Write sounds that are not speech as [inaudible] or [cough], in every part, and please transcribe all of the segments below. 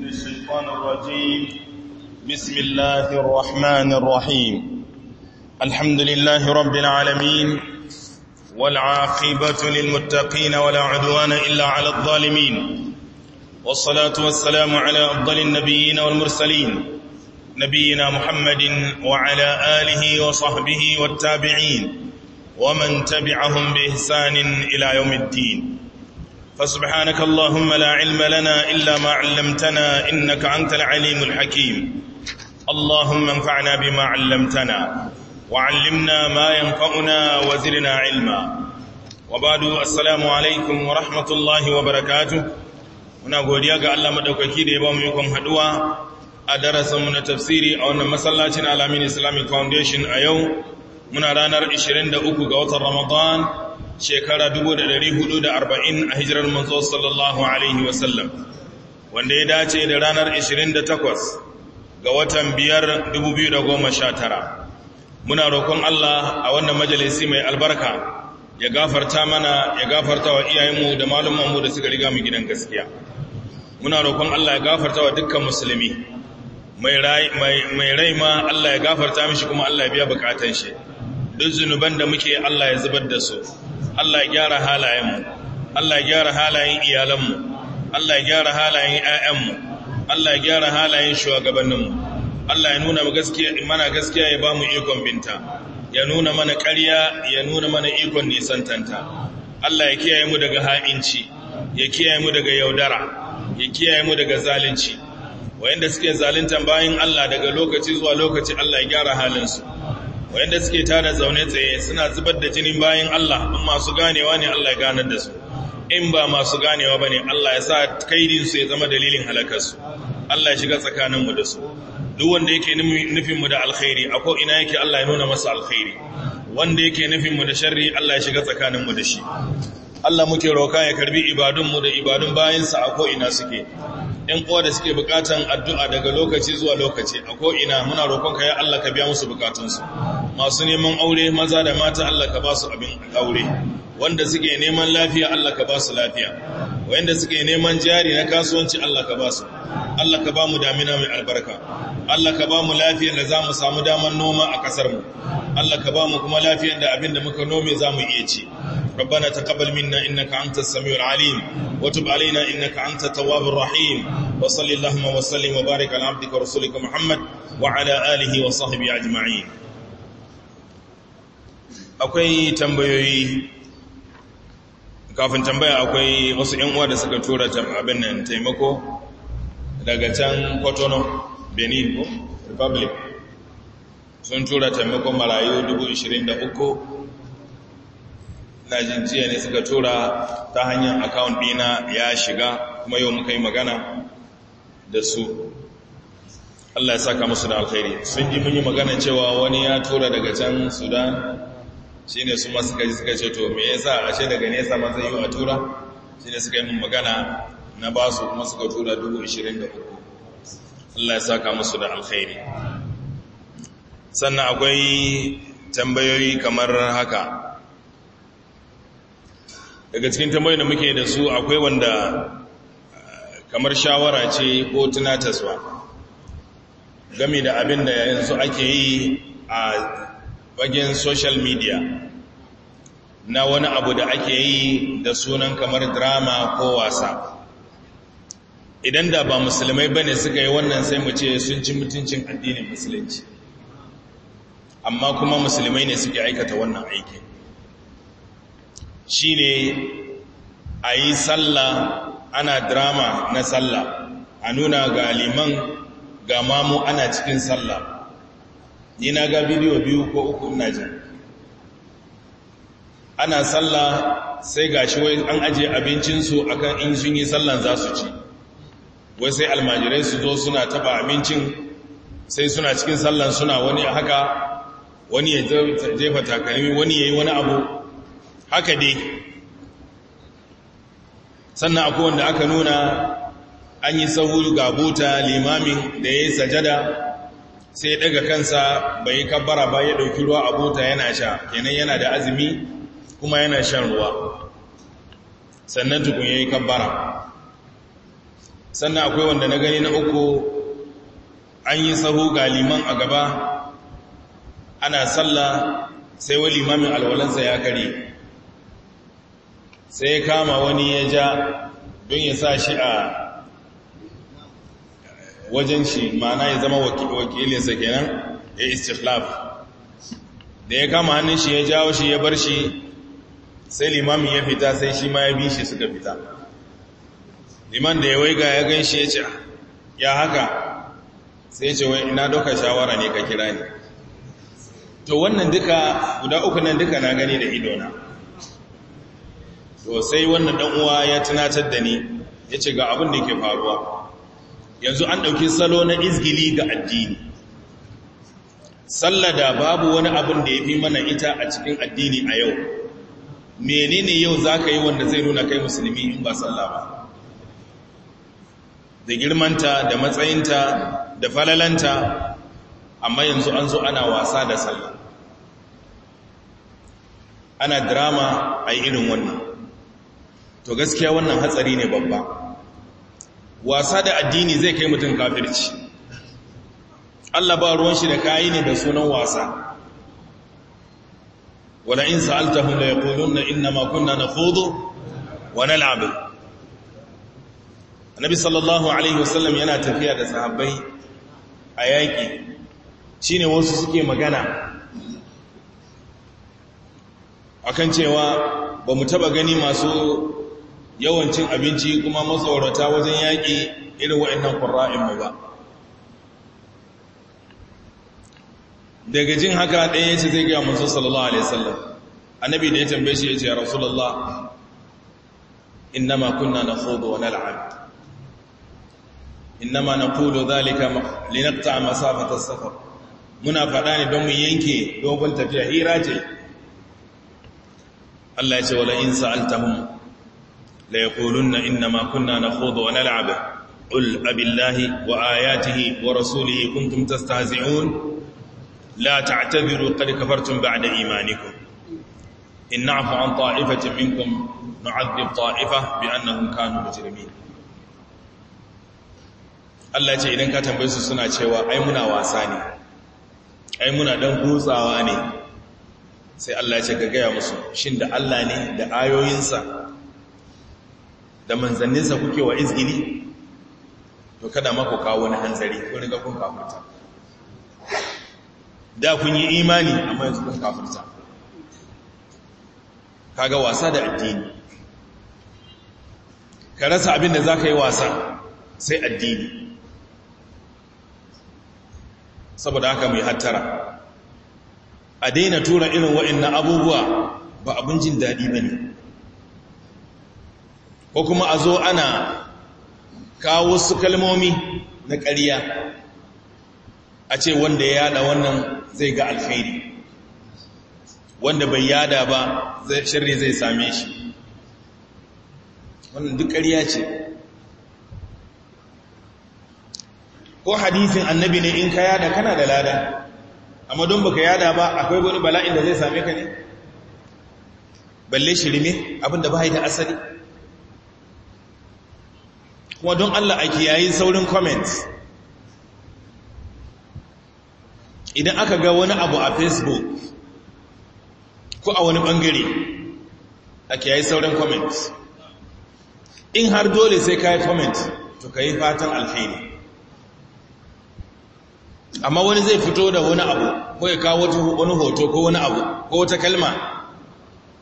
من الشيطان الرجيم بسم الله الرحمن الرحيم الحمد لله رب العالمين والعاقبة للمتقين ولا عدوان إلا على الظالمين والصلاة والسلام على أفضل النبيين والمرسلين نبينا محمد وعلى آله وصحبه والتابعين ومن تبعهم بإحسان إلى يوم الدين فسبحانك اللهم لا علم لنا إلا ما علمتنا إنك أنت العليم الحكيم اللهم انفعنا بما علمتنا وعلمنا ما ينفعنا وزرنا علما وبعد السلام عليكم ورحمة الله وبركاته muna godiya ga Allah madaukaki da ya ba mu yukon haduwa a darasinmu na tafsiri a wannan masallacin Alamin Islamic Foundation a yau muna ranar 23 ga watan Ramadan shekara arba'in a hijirar manzo sallallahu alaihi wasallam wanda ya dace da ranar 28 ga watan sha tara. muna roƙon Allah a wannan majalisi mai albarka ya gafarta mana ya gafarta wa iyayenmu da malumanmu da suka riga mu gidan gaskiya muna roƙon Allah ya gafarta wa dukkan musulmi mai rai ma Allah ya gafarta mishi kuma Allah ya biya bukatun shi duk zunuban da muke Allah ya zubar da su Allah ya gyara halayenmu Allah ya gyara halayen iyalanmu Allah ya gyara halayen ƴaƴanmu Allah ya gyara halayen shugabanninmu Allah ya nuna mu gaskiya mana gaskiya ya ba mu ikon binta ya nuna mana ƙarya ya nuna mana ikon nisantanta Allah ya kiyaye mu daga ha'inci ya kiyaye mu daga yaudara ya kiyaye mu daga zalunci wayanda suke zalunta bayan Allah daga lokaci zuwa lokaci Allah ya gyara halinsu waɗanda suke tada zaune tsaye suna zubar da jinin bayan Allah in masu ganewa ne Allah ya ganar da su in ba masu ganewa bane Allah ya sa kaidin su ya zama dalilin halakarsu. su Allah ya shiga tsakanin mu da su duk wanda yake nufin mu da alkhairi ako ina yake Allah ya nuna masa alkhairi wanda yake nufin mu da sharri Allah ya shiga tsakanin mu da shi Allah muke roka ya karbi ibadun mu da ibadun bayin sa ako ina suke ‘yan uwa da suke bukatan addu'a daga lokaci zuwa lokaci a ko'ina muna ka ya Allah ka biya musu bukatunsu masu neman aure maza da mata Allah ka ba su abin aure wanda suke neman lafiya Allah ka ba su lafiya wanda suke neman jari na kasuwanci Allah ka ba su Allah ka ba mu damina mai albarka Allah ka ba mu lafiyar da za mu samu damar noma a kasar mu Allah ka ba mu kuma lafiyar da abin da muka nome za mu iya ci ربنا تقبل منا إنك أنت السميع العليم وتب علينا إنك أنت التواب الرحيم وصل اللهم وسلم وبارك على عبدك ورسولك محمد وعلى آله وصحبه أجمعين أكوي تنبيهي kafin tambaya akwai wasu ‘yan uwa da suka tura abin nan taimako daga can kotono benin ko republic sun tura taimakon marayu 23,000 na ne suka tura ta hanyar akawun dina ya shiga kuma yau muka yi magana da su Allah ya saka musu da alkhairi sun ji mun yi magana cewa wani ya tura daga can sudan ne su masu suka suka ce to me yasa ashe daga nesa ma zai yi a tura Shi ne suka yi mun magana na ba su kuma suka tura dubu ashirin da uku Allah ya saka musu da alkhairi sannan akwai tambayoyi kamar haka daga cikin tambayoyi da muke da su akwai wanda eh, kamar shawara ce ko tunataswa game da abin da yanzu ake yi a Bagen social media na wani abu da ake yi da sunan kamar drama ko wasa idan da ba musulmai bane suka yi wannan sai mu ce sun ci mutuncin addinin musulunci amma kuma musulmai ne suke aikata wannan aikin ne a yi sallah ana drama na sallah a nuna ga liman ga mamu ana cikin sallah ni na ga bidiyo biyu ko uku ina jin ana sallah sai gashi wai an aje abincinsu akan in sun yi sallan za su ci wai sai almajirai su zo suna taba abincin sai suna cikin sallan suna wani haka wani ya jefa takalmi wani ya yi wani abu haka dai sannan akwai wanda aka nuna an yi sahu ga buta limamin da ya yi sajada sai daga kansa bai yi kabbara ba ya dauki ruwa a bota yana sha kenan yana da azumi kuma yana shan ruwa sannan tukun yayi kabbara sannan akwai wanda na gani na uku an yi sahu ga liman a gaba ana sallah sai wani limamin alwalansa ya kare sai kama wani ya ja don ya sa shi a wajen shi ma'ana ya zama wakilinsa kenan ya istikhlaf da ya kama hannun shi ya jawo shi ya bar shi sai limamin ya fita sai shi ma ya bi shi suka fita liman da ya waiga ya gan shi ya ce ya haka sai ce wai ina doka shawara ne ka kira ni to wannan duka guda uku nan duka na gani da idona to sai wannan dan uwa ya tunatar da ni ya ce ga abin da ke faruwa yanzu an ɗauki salo na izgili ga addini da babu wani abin da ya fi mana ita a cikin addini a yau menene yau za ka yi wanda zai nuna kai musulmi in ba sallah ba da girmanta da matsayinta da falalanta amma yanzu an zo ana wasa da sallah ana drama a irin wannan to gaskiya wannan hatsari ne babba wasa da addini zai kai mutum kafirci Allah ba ruwan shi da kayi ne da sunan wasa wala in sa'altahum la yaquluna inna ma kunna nakhudu wa nal'ab Annabi sallallahu alaihi wasallam yana tafiya da sahabbai a yaki shine wasu suke magana akan cewa ba mu taba gani masu yawan cin abinci kuma matsorata wajen yaƙi irin wa'innan ƙura'inmu ba daga jin haka ɗaya ya ce zai gaya manzo sallallahu alaihi sallam annabi da ya tambaye shi ya ce ya rasulallah innama kunna na hudu wa nal'ab innama na kudu zalika linakta masafatar safar muna faɗa ne don mu yanke dogon tafiya hira ce Allah ya ce wala in sa'altahum la ya kulunna kunna na hudu wa nal'abu ƙul abillahi wa ayatihi wa rasulihi kun tumta stazi'un la ta tabiru kada kafartun ba da imanikun inna afu an ta'ifatin minkun ma'adif ta'ifa bi annahun kanu mujirmi Allah ce idan ka tambayi su suna cewa ai muna wasa ne ai muna dan gutsawa ne sai Allah ya ce ga gaya musu shin da Allah ne da ayoyinsa da manzanninsa kuke wa izgini to kada mako kawo wani hanzari ko riga kun kafirta da kun yi imani amma yanzu kun kafirta kaga wasa da addini ka rasa abin da za ka yi wasa sai addini saboda haka mai hattara a daina tura irin wa'in abubuwa ba abin jin daɗi ba ne ko kuma a zo ana kawo su kalmomi na ƙariya a ce wanda ya yada wannan zai ga alkhairi wanda bai yada ba shirri zai same shi wannan duk ƙariya ce ko hadisin annabi ne in ka yada kana da lada amma don baka yada ba akwai wani bala'in da zai same ka ne balle shirme abinda ba da asali kuma don Allah a kiyayi saurin comments idan aka ga wani abu a facebook ko a wani bangare a kiyayi saurin comments in har dole sai ka yi comment to ka yi fatan alheri amma wani zai fito da wani abu ko ya kawo wani hoto ko wani abu ko wata kalma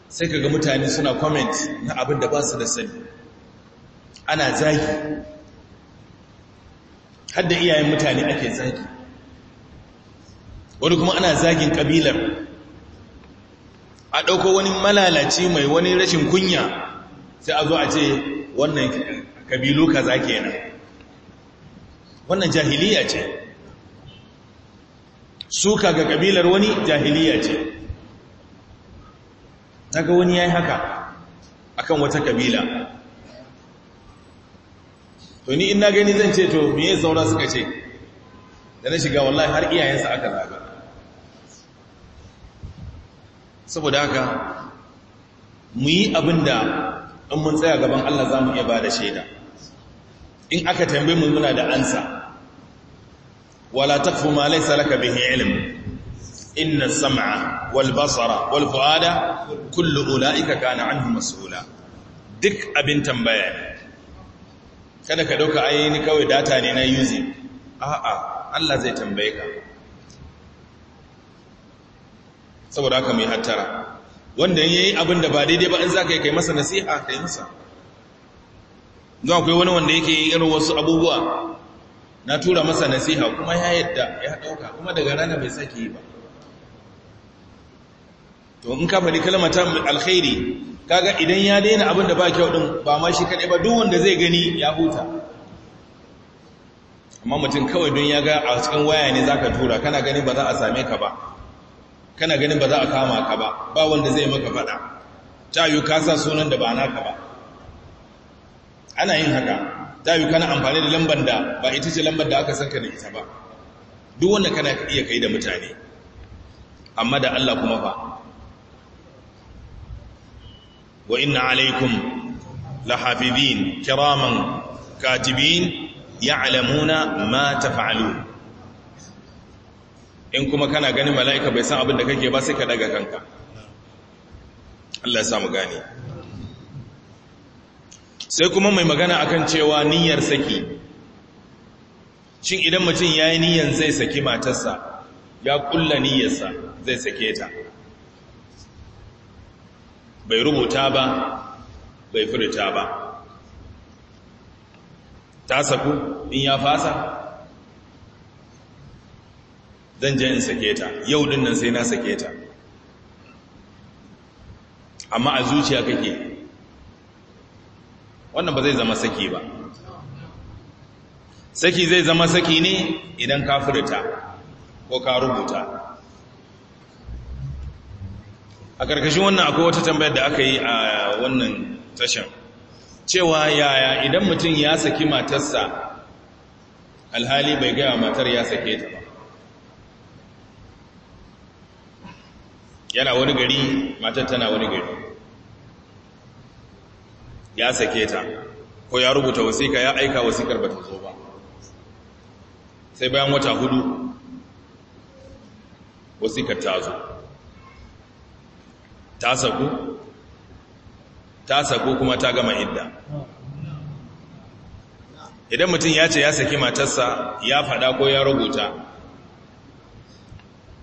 sai ka ga mutane suna comment na abin da ba su da sani ana zagi hadda iyayen mutane ake zagi wani kuma ana zagin kabilar a ɗauko wani malalaci mai wani rashin kunya sai a zo a ce wannan kabilu zake yana wannan jahiliya ce suka ga kabilar wani jahiliya ce daga wani ya yi haka akan wata kabila to ni in gani zan ce to me ya saura suka ce da na shiga wallahi har iyayensa aka zaga saboda haka mu yi abin da in mun tsaya gaban Allah za mu iya ba da shaida in aka tambaye mu muna da ansa wala taqfu ma laysa laka bihi ilm inna sama wal basara wal fuada kullu ulaika kana anhu mas'ula duk abin tambaya kada ka dauka ayini kawai data ne na using a'a Allah zai tambaye ka saboda haka mai hattara wanda yayi abin da ba daidai ba in zaka yi kai masa nasiha kai masa don akwai wani wanda yake irin wasu abubuwa na tura masa nasiha kuma ya yadda ya dauka kuma daga rana bai sake yi ba to in ka faɗi kalmata alkhairi kaga idan ya daina abin da ba kyau din ba ma shi kaɗai ba duk wanda zai gani ya huta amma mutum kawai don ya ga a cikin waya ne za ka tura kana ganin ba za a same ka ba kana ganin ba za a kama ka ba ba wanda zai maka faɗa ta yi sa sunan da ba naka ba ana yin haka ta yi kana amfani da lambar da ba ita ce lambar da aka sanka da ita ba duk wanda kana iya kai da mutane amma da Allah kuma fa وإن عليكم لحافظين كراما كاتبين يعلمون ما تفعلون in kuma kana ganin mala'ika bai san abin da kake ba sai ka daga kanka Allah ya samu gane sai kuma mai magana akan cewa niyyar saki shin idan mutum ya yi niyyar zai saki matarsa ya kulla niyyarsa zai sake ta bai rubuta ba bai furta ba ta saku in ya fasa zan je in sake ta yau din nan sai na sake ta amma a zuciya kake wannan ba zai zama saki ba saki zai zama saki ne idan ka furta ko ka rubuta a ƙarƙashin wannan akwai wata tambayar da aka yi a wannan tashan cewa yaya idan mutum ya saki matarsa alhali bai gaya matar ya sake ta ba yana wani gari matar tana wani gari ya sake ta ko ya rubuta wasika ya aika wasikar ba ta zo ba sai bayan wata hudu wasikar ta zo ta saku ta saku kuma ta gama idda idan mutum ya ce ya saki matarsa ya fada ko ya rubuta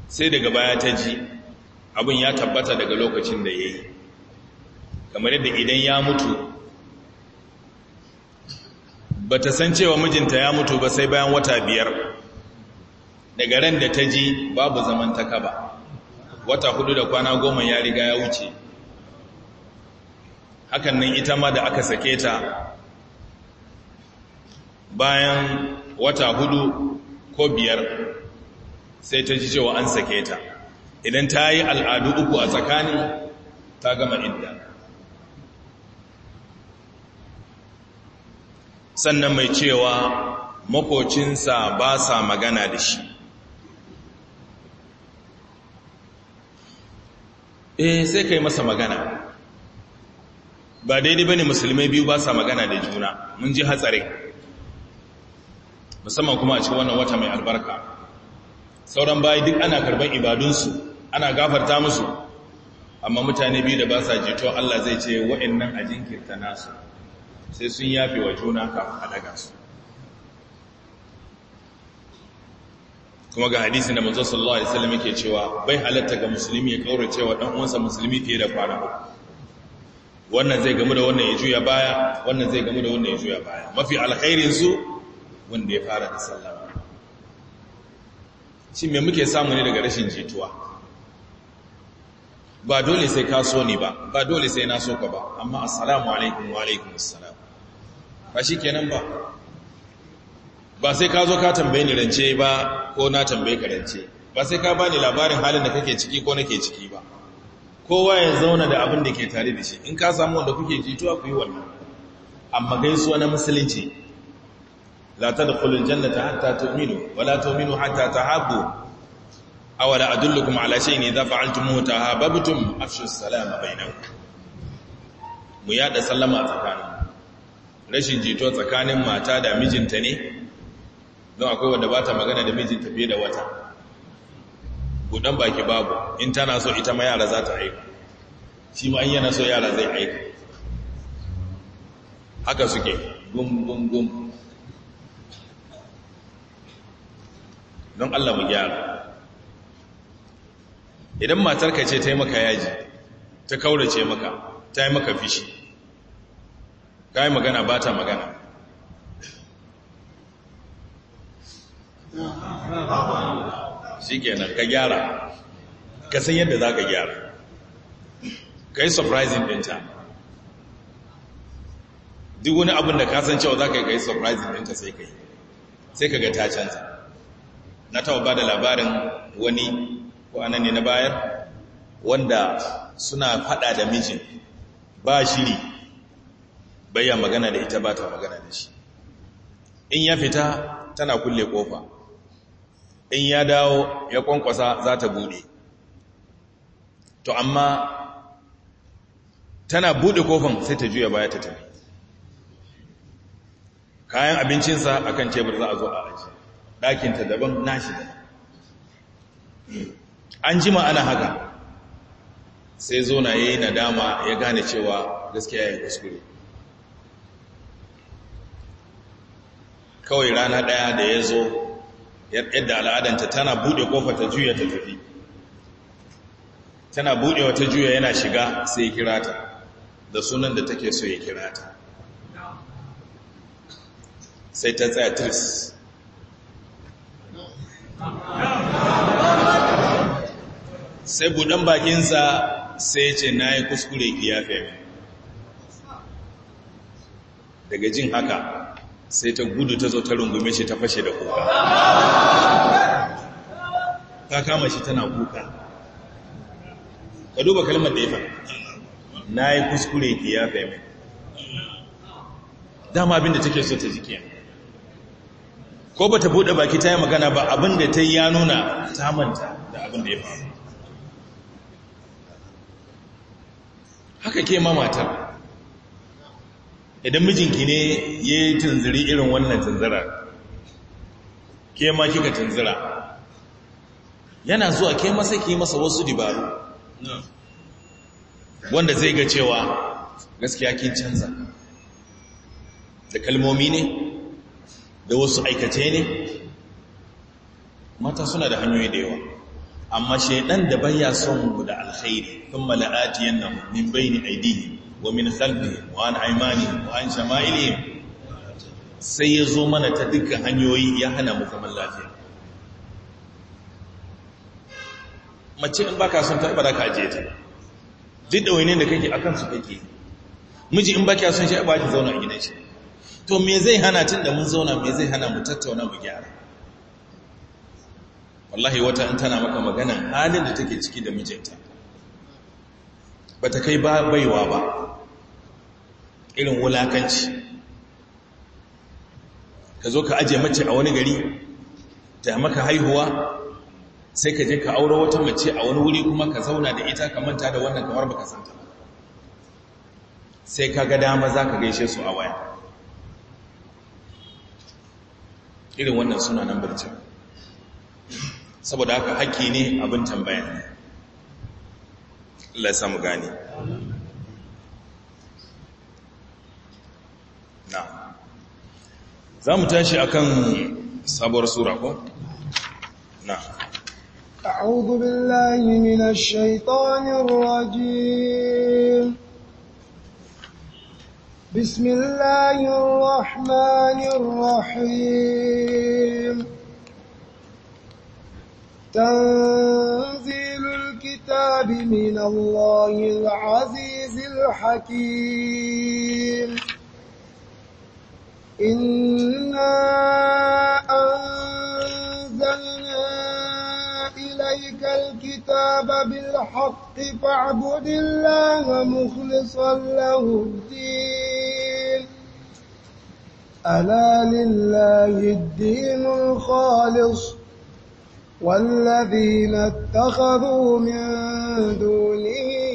sai daga baya ta ji abin ya tabbata daga lokacin da ya yi kamar yadda idan ya mutu ba ta san cewa mijinta ya mutu ba sai bayan wata biyar daga ran da ta ji babu zaman takaba wata hudu da kwana goma ya riga ya wuce hakan nan ita ma da aka sake ta bayan wata hudu ko biyar sai ta ji cewa an sake ta idan ta yi al'adu uku a tsakani ta gama idda sannan mai cewa makocinsa ba sa magana da shi eh sai kai masa magana ba daidai bane musulmai biyu ba sa magana da juna mun ji hatsari musamman kuma a cikin wannan wata mai albarka sauran bayi duk ana karban ibadunsu ana gafarta musu amma mutane biyu da ba sa jito Allah zai ce wa'annan a jinkirta nasu sai sun yafe wa juna kafin a daga su kuma ga hadisi da manzo sallallahu alaihi wasallam yake cewa bai halatta ga musulmi ya kaura cewa dan uwansa musulmi fiye da kwana wannan zai gamu da wannan ya juya baya wannan zai gamu da wannan ya juya baya mafi alkhairin su wanda ya fara da sallama shi me muke samu ne daga rashin jituwa ba dole sai ka so ni ba ba dole sai na so ka ba amma assalamu alaikum wa alaikum assalam ba shikenan ba ba sai ka zo ka tambaye ni rance ba ko na tambaye ka rance ba sai ka bani labarin halin da kake ciki ko nake ciki ba kowa ya zauna da abin da ke tare da shi in ka samu wanda kuke jituwa ku yi wannan amma gaisuwa na musulunci la tadkhulul jannata hatta tu'minu wa la tu'minu hatta tahabbu aw la adullukum ala shay'in idha fa'altum tahabbtum afshu salama bainakum mu yada sallama tsakanin rashin jituwa tsakanin mata da mijinta ne don akwai wanda ba ta magana da mijinta fiye da wata gudan baki babu in tana so ita ma yara za ta aika shi ma yana so yara zai aika haka suke gum gum gum don allah mu gyara idan matarka ce ta yi maka yaji ta kaurace maka ta yi maka fishi ka yi magana ba ta magana shi kenan ka gyara ka san yadda za ka gyara ka yi surprising ɗinta duk wani abin da cewa za ka yi ka yi surprising ɗinta sai ka yi sai ka ga ta canza na taba ba da labarin wani ko anan ne na bayar wanda suna faɗa da mijin ba shiri bayan magana da ita ba ta magana da shi in ya fita tana kulle kofa in ya dawo ya kwankwasa za ta buɗe to amma tana buɗe kofin sai ta juya baya ta tafi kayan abincinsa a kan tebur za a zo a aji ɗakinta daban nashi da an jima ana haka sai zo na yi nadama ya gane cewa gaskiya ya kuskure kawai rana ɗaya da ya zo yadda al'adanta tana buɗe ƙofa ta juya ta tafi tana buɗe wata juya yana shiga sai kira ta da sunan da take so ya kira ta sai ta tsaya tris sai buɗan bakinsa sai ce na yi kuskure ki fi daga jin haka sai ta gudu ta zo ta rungume shi ta fashe da kuka ta kama shi tana kuka ka duba kalmar da ya fa na yi kuskure ki ya fahimta dama abinda take so ta jikiya. ko ba ta buɗe baki ta yi magana ba abinda ta yi ya nuna ta manta da abinda ya faru haka ke mamatar idan mijinki ne ya yi tunziri irin wannan tunzira ke ma kika tunzira yana zuwa ke masa ke masa wasu dibaru wanda zai ga cewa gaskiya kin canza da kalmomi ne da wasu aikace ne mata suna da hanyoyi da yawa amma shaidan da baya son mu da alkhairi kuma la'ati nan min bayni aidihim ومن خلفهم وعن أيمانهم وعن شمائلهم sai ya zo mana ta dukkan hanyoyi ya hana mu kamar lafiya mace in baka son ta ibada ka ta duk da wani da kake akan su kake miji in baka son shi ba ki zauna a gidan shi to me zai hana tun da mun zauna me zai hana mu tattauna mu gyara wallahi wata in tana maka magana halin da take ciki da mijinta bata kai ba baiwa ba irin wulakanci ka zo ka aje mace a wani gari ta maka haihuwa sai ka je ka aure wata mace a wani wuri kuma ka zauna da ita ka manta da wannan kamar baka santa ba sai ka ga dama za ka gaishe su a waya irin wannan suna nan barcin saboda haka haƙƙi ne abin tambaya ne Allah ya samu gane na za mu tashi akan sabuwar sura ko na أعوذ بالله من الشيطان الرجيم بسم الله الرحمن الرحيم تنزيل الكتاب من الله العزيز الحكيم إنا أنزلنا إليك الكتاب بالحق فاعبد الله مخلصا له الدين ألا لله الدين الخالص والذين اتخذوا من دونه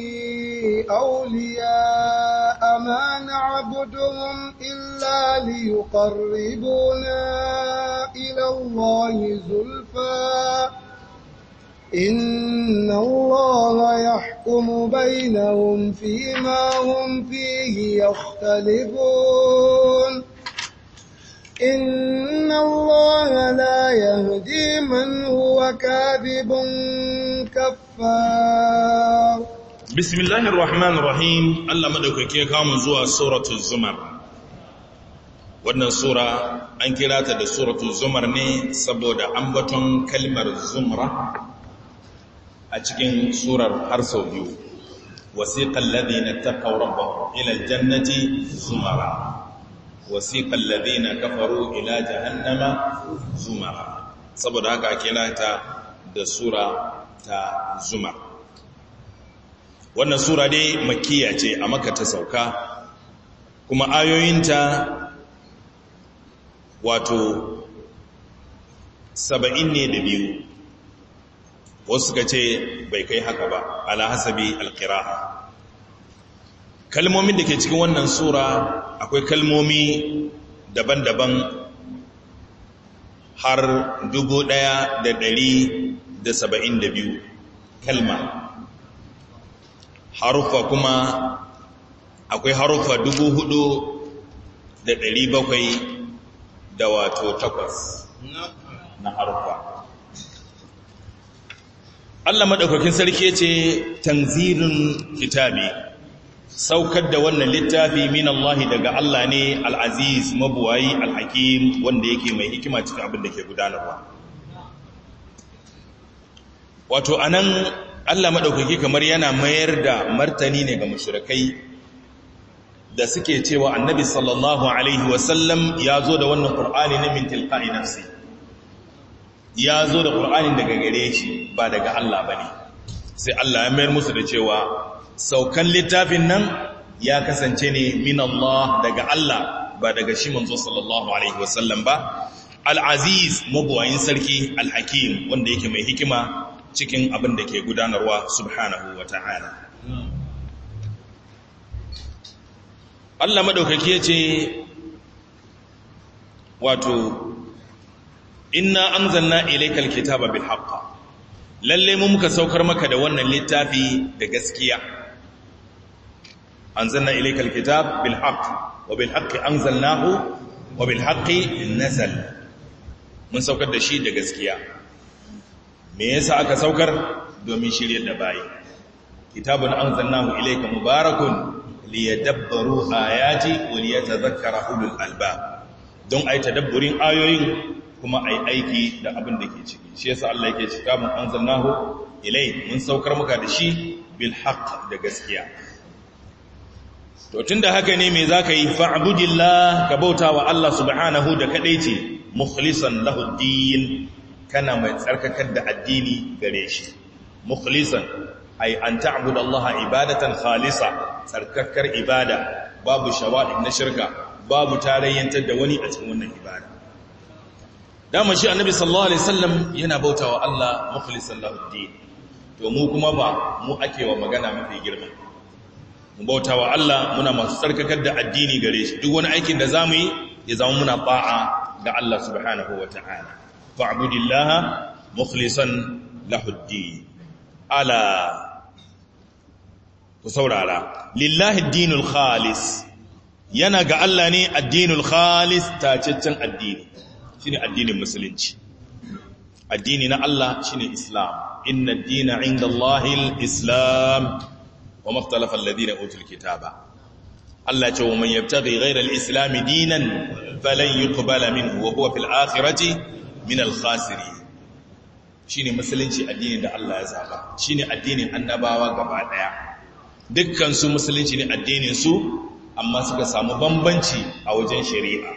أولياء ما نعبدهم إلا ليقربونا إلى الله زلفى إن الله يحكم بينهم فيما هم فيه يختلفون إن الله لا يهدي من هو كاذب كفار بسم الله الرحمن الرحيم الله مدوكك ya kawo zuwa suratu zumar wannan sura an kira ta da suratu zumar ne saboda ambaton kalmar zumra a cikin surar har sau biyu wasiqal ladina taqaw rabbahum ila jannati zumara wasiqal ladina kafaru ila jahannama zumar saboda haka kira ta da sura ta zumar wannan sura dai makiya ce a maka ta sauka kuma ayoyinta wato saba'in ne da biyu wasu suka ce bai kai haka ba ala hasabi alkira'a kalmomin da ke cikin wannan sura akwai kalmomi daban-daban har dubu ɗaya da dari da saba'in da biyu kalma harufa kuma akwai harufa dubu hudu da dari bakwai da wato takwas na harufa Allah maɗaukakin sarki ce tanzirin kitabi saukar da wannan littafi min Allah daga Allah ne al'aziz mabuwayi al’akim wanda yake mai hikima cikin abin da ke gudanarwa wato anan Allah maɗaukaki kamar yana mayar da martani ne ga mashirakai da suke cewa annabi sallallahu alaihi wasallam ya zo da wannan qur'ani na min tilqa'i nafsi ya zo da qur'anin daga gare shi ba daga Allah ba ne, sai Allah ya mayar musu da cewa saukan littafin nan ya kasance ne min Allah daga Allah ba daga shi manzo sallallahu alaihi wasallam ba al-aziz mabuwayin sarki al-hakim wanda yake mai hikima cikin abin da ke gudanarwa subhanahu wata'ala Allah madaukaki yace wato inna anzalna ilaykal kitaba bil haqq lalle mu muka saukar maka da wannan littafi da gaskiya anzalna ilaykal kitab bil haqq wa bil anzalnahu wa bil nazal mun saukar da shi da gaskiya me yasa aka saukar domin shiryar da bayi kitabun anzalnahu ilayka mubarakun liyadabbaru ayati wa liyatadhakkara ulul albab don ai tadabburin ayoyin kuma ai aiki da abin da ke ciki shi yasa Allah yake kitabun anzalnahu ilay mun saukar maka da shi bil haqq da gaskiya to tun da haka ne mai za ka yi fa'budillah ka bauta wa Allah subhanahu da ce mukhlisan lahu kana mai tsarkakar da addini gare shi mukhlisan ai an ta'budallaha ibadatan khalisa tsarkakar ibada babu shawaɗi na shirka babu tarayyantar da wani a cikin wannan ibada dama shi annabi sallallahu alaihi wasallam yana bautawa Allah mukhlisan lahudin to mu kuma ba mu ake wa magana mafi girma mu bauta wa Allah muna masu tsarkakar da addini gare shi duk wani aikin da za mu yi ya zama muna ba'a ga Allah subhanahu wa ta'ala fa'budillaha mukhlisan lahuddi ala ku saurara lillahi dinul khalis yana ga Allah ne addinul khalis tacaccen addini shine addinin musulunci addini na Allah shine islam inna dina 'inda Allahil islam wa maftalafa alladhina utul kitaba Allah ce wa man yabtaghi ghayra al dinan falan yuqbala minhu wa huwa fil akhirati min al-khasirin shine musulunci addini da Allah ya zaba shine addinin annabawa gaba daya dukkan su musulunci ne addinin su amma suka samu bambanci a wajen shari'a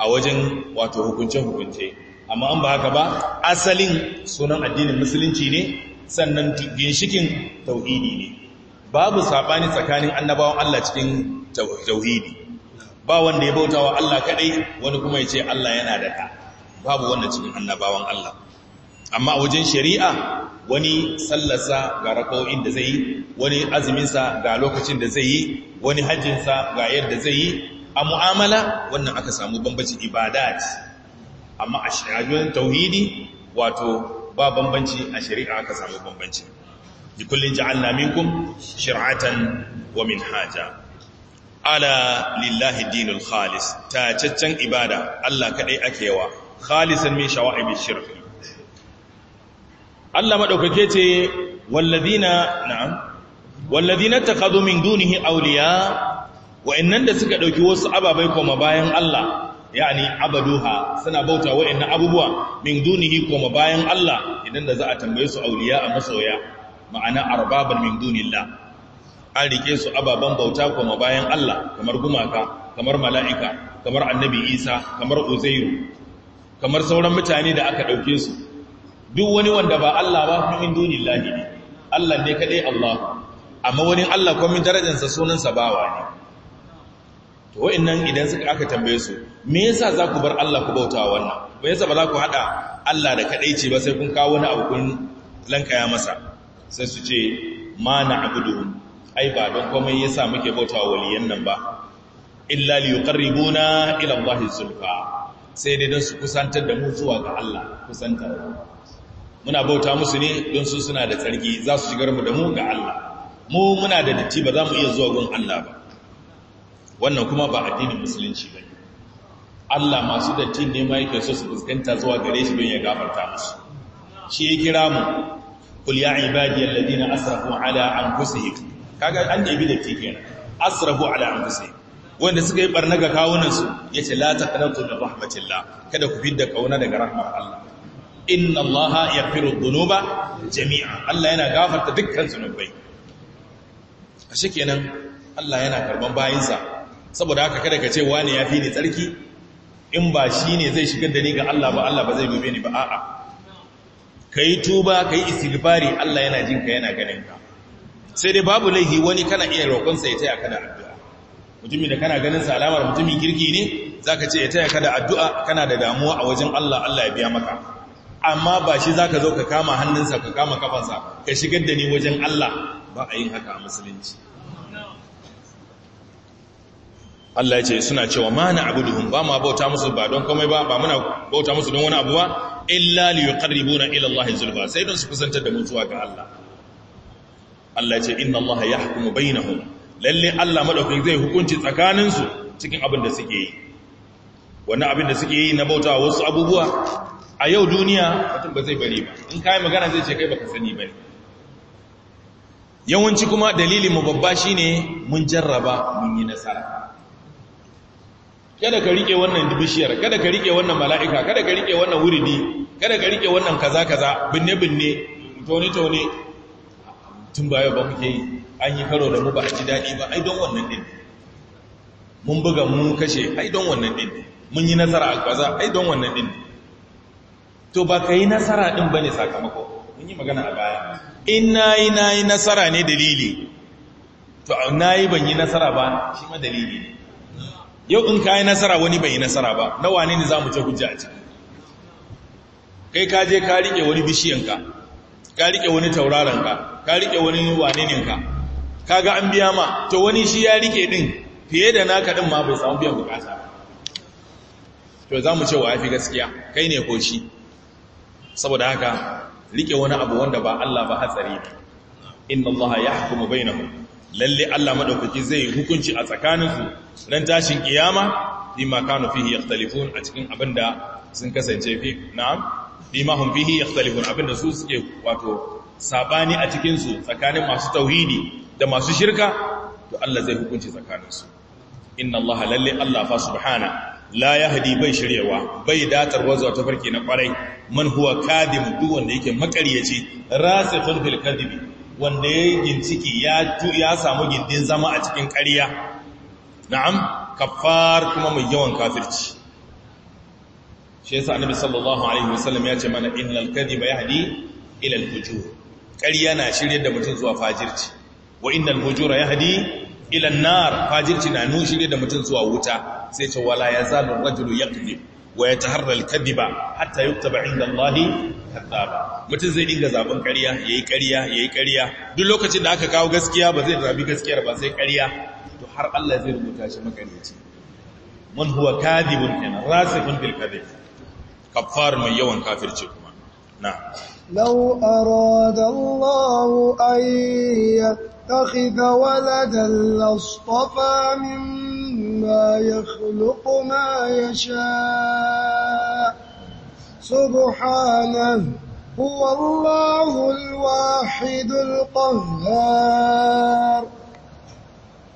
a wajen wato hukunce-hukunce amma an ba haka ba asalin sunan addinin musulunci ne sannan ginshikin tauhidi ne babu sabani tsakanin annabawan Allah cikin tauhidi ba wanda ya bautawa Allah kadai wani kuma ya ce Allah yana da ta babu wanda cikin annabawan Allah amma wajen shari'a wani sallarsa ga raka'o'in da zai yi wani sa ga lokacin da zai yi wani hajjinsa ga yadda zai yi a mu'amala wannan aka samu bambancin ibadat amma a shari'a tauhidi wato ba bambanci a shari'a aka samu bambanci لكل جعلنا Ala lillahi ومنهاجا khalis. لله الدين ibada kaɗai إبادة الله كدي أكيوا خالصا من شوائب الشرك الله مدوككيتي والذين نعم والذين اتخذوا من دونه أولياء wa'annan da suka ɗauki wasu ababai koma bayan Allah yani abaduha suna bauta wa'annan abubuwa min dunihi koma bayan Allah idan da za a tambaye su auliya a masoya ma'ana arbabar min dunilla an rike su ababen bauta kuma bayan Allah kamar gumaka kamar mala'ika kamar annabi Isa kamar Uzairu kamar sauran mutane da aka ɗauke su duk wani wanda ba Allah ba min dunilla ne Allah ne kaɗai Allah amma wani Allah kuma min darajarsa sunansa bawa ne to wa'annan idan suka aka tambaye su me yasa za ku bar Allah ku bauta wannan me yasa ba za ku haɗa Allah da kadai ce ba sai kun kawo wani abu kun lankaya masa sai su ce ma na abudu ai ba don komai ya sa muke bauta waliyan nan ba illa li yuqarribuna ila Allah sulfa sai dai don su kusantar da mu zuwa ga Allah kusantar muna bauta musu ne don su suna da tsarki za su shigar mu da mu ga Allah mu muna da datti ba za mu iya zuwa gun Allah ba wannan kuma ba addinin musulunci ba Allah masu datti ne ma yake so su fuskanta zuwa gare shi don ya gafarta musu shi ya kira mu qul ya ibadiy alladhina asrafu ala anfusihim kaga an da da tike asrafu ala anfusihim wanda suka yi barna ga kawunan su ce la taqnatu da rahmatullah kada ku fidda kauna daga rahmar Allah inna Allah firu dunuba jami'a Allah yana gafarta dukkan zunubai ashe kenan Allah yana karban bayinsa saboda haka kada ka ce wani fi ni tsarki in ba shi ne zai shigar da ni ga Allah ba Allah ba zai gobe ni ba a'a ka yi tuba ka yi istighfari Allah yana jin ka yana ganin ka sai dai babu laihi wani kana iya roƙonsa ya taya ka da addu'a mutumin da kana ganin sa alamar mutumin kirki ne zaka ce ya taya ka da addu'a kana da damuwa a wajen Allah Allah ya biya maka amma ba shi zaka zo ka kama hannunsa ka kama kafansa ka shigar da ni wajen Allah ba a yin haka a musulunci Allah ya ce suna cewa ma na abuduhum ba ma bauta musu ba don komai ba ba muna bauta musu don wani abu ba illa li yuqarribuna ila Allah zulfa sai don su kusantar da mutuwa ga Allah Allah ya ce inna Allah yahkumu bainahum lalle Allah madaukin zai hukunci tsakanin su cikin abin da suke yi wannan abin da suke yi na bauta wasu abubuwa a yau duniya mutum ba zai bari ba in kai magana zai ce kai baka sani bane yawanci kuma dalilin mu babba shine mun jarraba mun yi nasara kada ka rike wannan bishiyar kada ka rike wannan mala'ika kada ka rike wannan wuridi kada ka rike wannan kaza kaza binne binne toni toni tun baya ba muke yi an yi karo da mu ba a ji daɗi ba ai don wannan din mun buga mun kashe ai don wannan din mun yi nasara a kaza ai don wannan din to ba ka yi nasara din bane sakamako mun yi magana a baya in na yi nasara ne dalili to nayi ban yi nasara ba shi ma dalili ne yau in ka yi nasara wani bai yi nasara ba na wane ne za mu ce hujja a ciki kai ka je ka riƙe wani bishiyanka ka riƙe wani tauraronka ka riƙe wani wane ne ka ga an biya ma to wani shi ya riƙe ɗin fiye da naka ɗin ma bai samu biyan bukata to za mu ce wa ya fi gaskiya kai ne ko shi saboda haka riƙe wani abu wanda ba Allah ba hatsari inna Allah ya hukuma bainahum lalle Allah madaukaki zai hukunci a tsakaninsu nan tashin kiyama bima kanu fihi yakhtalifun a cikin abinda sun kasance fi na'am bima hum fihi yakhtalifun abinda su suke wato sabani a cikin su tsakanin masu tauhidi da masu shirka to Allah zai hukunci tsakaninsu inna Allah lalle Allah fa subhana la yahdi bai shiryawa bai datar wazo ta farki na kwarai man huwa kadim duk wanda yake makaryaci rasikhun fil kadhibi wanda ya yi ginciki ya samu gindin zama a cikin ƙarya na'am kafar kuma mai yawan kafirci shi yasa annabi sallallahu alaihi wasallam ya ce mana innal kadhiba yahdi ila al hujur ƙarya na shirye da mutum zuwa fajirci wa innal hujura yahdi ila an-nar fajirci na nushi da mutum zuwa wuta sai ce wala yazalu rajulu yaqdib wa ya taharra alkadiba hatta yuktaba inda Allahi kadhaba zai dinga zaben ƙarya yayi ƙarya yayi ƙarya duk lokacin da aka kawo gaskiya ba zai zabi gaskiyar ba sai ƙarya to har Allah zai rubuta shi makarici man huwa kadibun kana rasikhun bil kadhib kaffar mai yawan kafirci kuma na law arada Allahu ay yattakhidha waladan lastafa min ما يخلق ما يشاء سبحانه هو الله الواحد القهار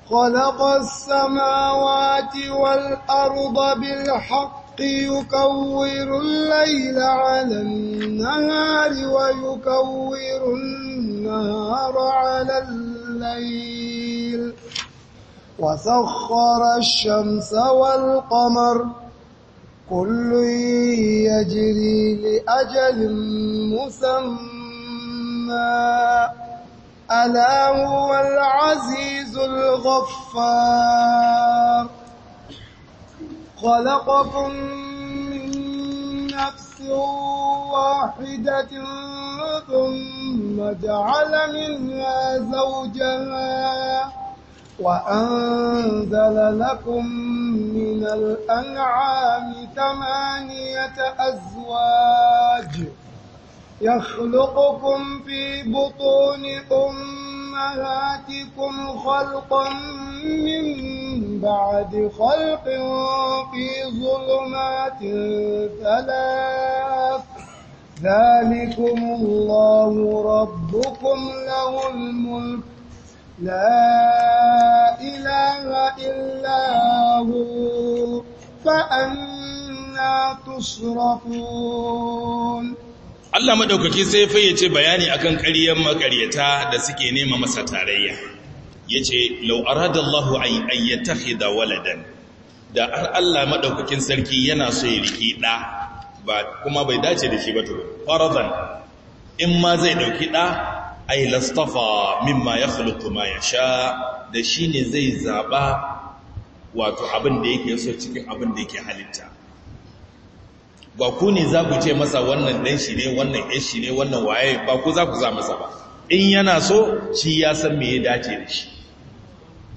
خلق السماوات والأرض بالحق يكور الليل على النهار ويكور النهار على الليل وسخر الشمس والقمر كل يجري لأجل مسمى ألا هو العزيز الغفار خلقكم من نفس واحدة ثم جعل منها زوجها وأنزل لكم من الأنعام ثمانية أزواج يخلقكم في بطون أمهاتكم خلقا من بعد خلق في ظلمات ثلاث ذلكم الله ربكم له الملك لا إله إلا هو فأنا تصرفون Allah maɗaukaki sai fayyace bayani akan ƙaryen makaryata da suke nema masa tarayya ya ce lau'arada Allah ayyata da waladan da har Allah maɗaukakin sarki yana so ya riki ɗa ba kuma bai dace da shi ba to farazan in ma zai ɗauki ɗa ai lastafa mimma ya khluqu ma yasha da shine zai zaba wato abin da yake so cikin abin da yake halitta ba ku ne za ku ce masa wannan dan shi ne wannan ɗan shi ne wannan waye ba ku za ku za masa ba in yana so shi ya san me ya dace da shi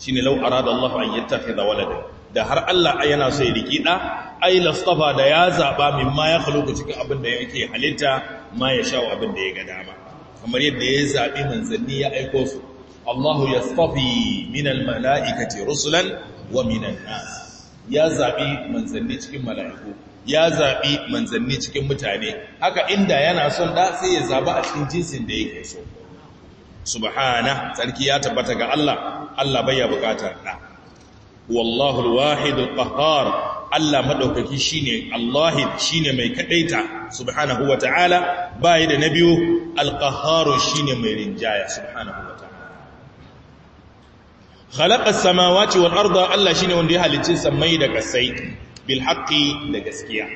shine law arada Allah an yattakhidha walada da har Allah yana so ya riki da ai lastafa da ya zaba mimma ya cikin abin da yake halitta ma yasha abin da ya ga dama kamar yadda ya zaɓi manzanni ya aiko su Allahu ya tsafi minal mala'ikati rusulan wa minan nas ya zaɓi manzanni cikin mala'iku ya zaɓi manzanni cikin mutane haka inda yana son da sai ya zaɓi a cikin jinsin da yake so subhana tsarki ya tabbata ga Allah Allah bai ya bukatar da wallahu alwahid alqahhar Allah madaukaki shine Allahi shine mai kadaita subhanahu wataala bai da nabiyo alqahharu shine mai rinjaya subhanahu wataala khalaqa as-samawati wal arda Allah shine wanda ya halicci samai da ƙasai bil haqqi da gaskiya